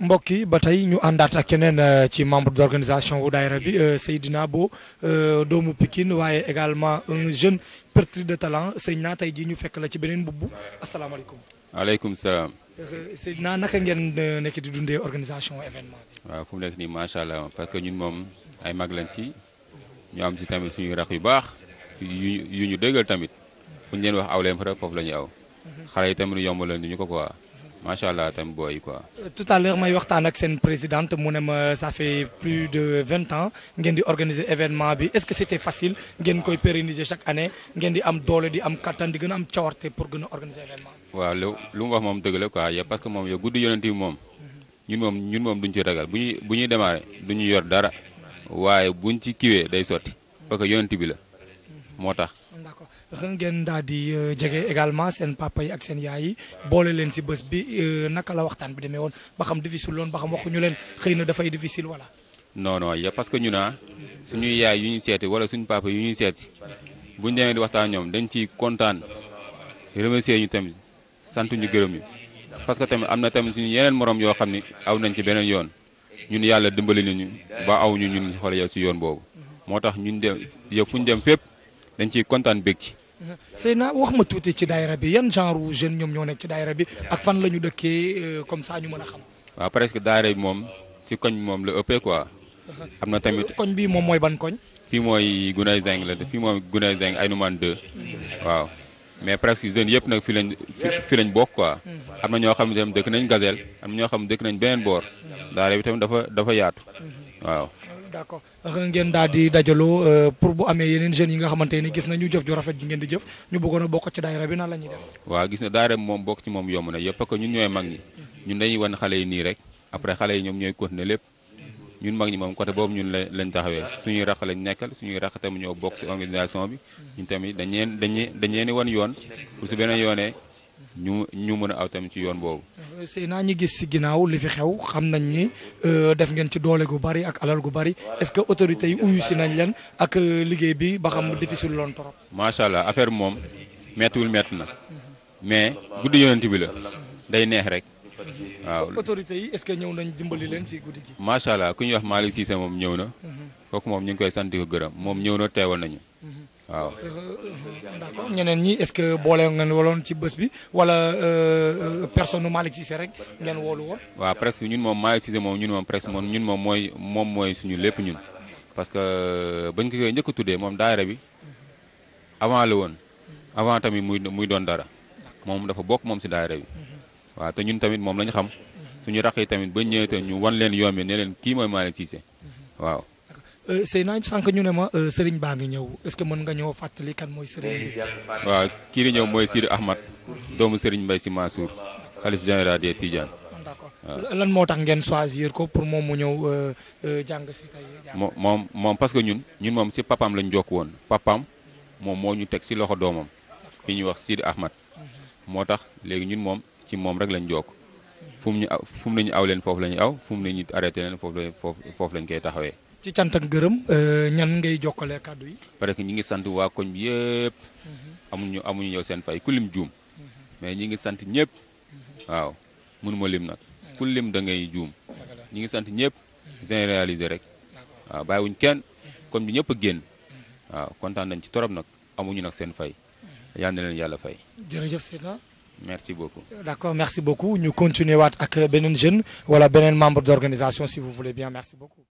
mbokk yi ba tey ñu àndaat ak keneen euh, ci membre d' organisation wu daayira bi euh, Seydina Bo euh, doomu Pikine waaye également un jeune pétri de talent Seydina tey jii ñu fekk la ci beneen mbubb asalaamaaleykum. waaleykum salaam. Seydina naka ngeen nekk di dundee organisation événement fu nekk nii macha allah parce que ñun moom ay mag lañ ci ñu am ci tamit suñu rax yu baax yu ñu dëggal tamit fu ñu leen wax aw leen rek foofu la ñuy aw. Mhm. xale yi tamit yombalal ñu ko quoi. macha allah tam booy quoi. Euh, tout à l'heure may waxtaan ak seen présidente mu ne ma ça fait plus de vingt ans ngeen di organiser événement bi est-ce que c'était facile ngeen koy pérenniser chaque année ngeen di am doole di am kattan di gën a am cawarte pour gën a organiser événement bi. waaw lu lu mu wax moom dëgg la quoi parce que moom yow guddi yonent bi moom. ñun moom ñun moom duñ ci ragal bu ñuy bu ñuy démarrer yor dara waaye bu ñu ci kiwee day sotti parce que yonent bi la moo tax. d'accord xëy ngeen daal di euh, jege également seen papa yi ak seen yaay boole leen si bés bi euh, naka la waxtaan bi demee woon ba xam difficile loon ba xam waxuñu leen xëy na dafay difficile voilà. non non ya parce que ñu naa ah, suñuy yaay yu ñuy seeti wala suñu papa yu ñuy seeti buñ demee di waxtaan ñoom dañ ciy kontaan remercier ñu tamit sant ñu gërëm ñu parce que tamit am na tamit suñu yeneen moroom yoo xam ni aw nañ ci beneen yoon ñun yàlla dimbali nañu ba aw ñu ñun xool si yoon boobu moo tax ñun dem dem fépp. dañ ciy kontaan bég ci. Seyna wax ma tuuti ci daayira bi yan genre jeune ñoom ñoo nekk ci daayira bi ak fan la ñu dëkkee euh, comme saa ñu mën a xam. waaw presque daayira bi moom si koñ moom la ëppee quoi. am na tamit koñ bii moom mooy ban koñ. fii mooy Gunay Zeng la fii mooy Gunay Zeng ay numéro 2. waaw mais presque jeunes yëpp nag fi lañ fi lañ bokk quoi. am na ñoo xam ne tamit dëkk nañ Gazelle am na ñoo xam ne dëkk nañ beneen boor. daara bi tamit dafa dafa yaatu. waaw d' accord ngeen daal di dajaloo euh, pour bu amee yeneen jeunes yi nga xamante ni gis nañu jëf ju rafet ji ngeen di jëf ñu bëggoon a bokk ci daayira bi nan la ñuy def waaw gis na daayira moom bokk ci moom yomb na yëpp parce que ñun ñooy mag ñi ñun dañuy wan xale yi nii rek après xale yi ñoom ñooy continuer lépp ñun mag ñi moom côté boobu ñun la lañ taxawee suñuy raq lañ nekkal suñuy raq tamit ñoo bokk ci organisation bi ñun tamit dañ leen dañ leen wan yoon pour su beneen ñu ñu mën a aw tamit ci yoon boobu. sëy naa ñu gis si ginnaaw li fi xew xam nañ ni euh, def ngeen ci doole gu bari ak alal gu bari est-ce que autorités yi uyu si nañ leen ak euh, liggéey bi ba xam difficile loon trop. macha allah affaire moom méttiwul métti na mais guddi yonent bi la day neex rek. waaw autorités yi est que ñëw nañ dimbali leen si guddi gi. macha allah ku ñuy wax Malick Cissé moom ñëw na. Mhm. kooku moom ñu ngi koy sant di ko gërëm moom ñëw na teewal nañu. waaw. ñeneen ñi est ce que boole ngeen woloon ci bés bi wala euh, euh, personne nu rek ngeen woolu woon. waaw presque ñun moom Malick Cissé moom ñun moom presque moom ñun moom mooy moom mooy suñu lépp ñun parce que euh, bañ ko koy njëkk tuddee moom daayira bi avant la woon avant tamit muy muy doon dara moom dafa bokk moom si daayira bi waaw te ñun tamit moom lañu xam suñu raq yi tamit ba ñëwee te ñu wan leen yoon bi ne leen kii mooy Malick Cissé waaw. Euh, sëy naa sànq ñu ne ma euh, sëriñ baa ngi ñëw est-ce que mën nga ñëw fàttali kan mooy sëriñ waaw kii di ñëw mooy Sidi Ahmad doomu sëriñ Mbaye Sy Mansour xalif général des Tidiane. Ah, d'accord lan moo tax ngeen choisir ko pour moom mu ñëw euh, jàng si tey. moom moom parce que ñun ñun moom si papaam lañ jokk woon papaam moom moo ñu teg si loxo doomam ki ñuy wax Sidi Ahmad mhm. moo tax léegi ñun moom ci moom rek lañ jokk fu mu ñu fu mu nañu aw leen foofu la ñu aw fu mu nañu arrêté leen foofu foofu lañ koy taxawee. ci cant ak gërëm. Euh, ñan ngay jokkale kàddu yi. parce que ñi ngi sant waa koñ bi yëpp. amuñu amuñu yow seen fay ku lim juum. mais ñi ngi sant ñëpp. waaw mënuma lim nag. ku lim da ngay juum. ñi ngi sant ñëpp. réalisé rek. waaw bàyyiwuñ kenn. koñ bi ñëpp a génn. waaw kontaan nañ ci torop nag amu ñu nag seen fay. yal na leen yàlla fay. jërëjëf Seydina. merci beaucoup. d'accord merci beaucoup ñu continuer waat ak beneen jeune wala beneen membre d'organisation si vous voulez bien merci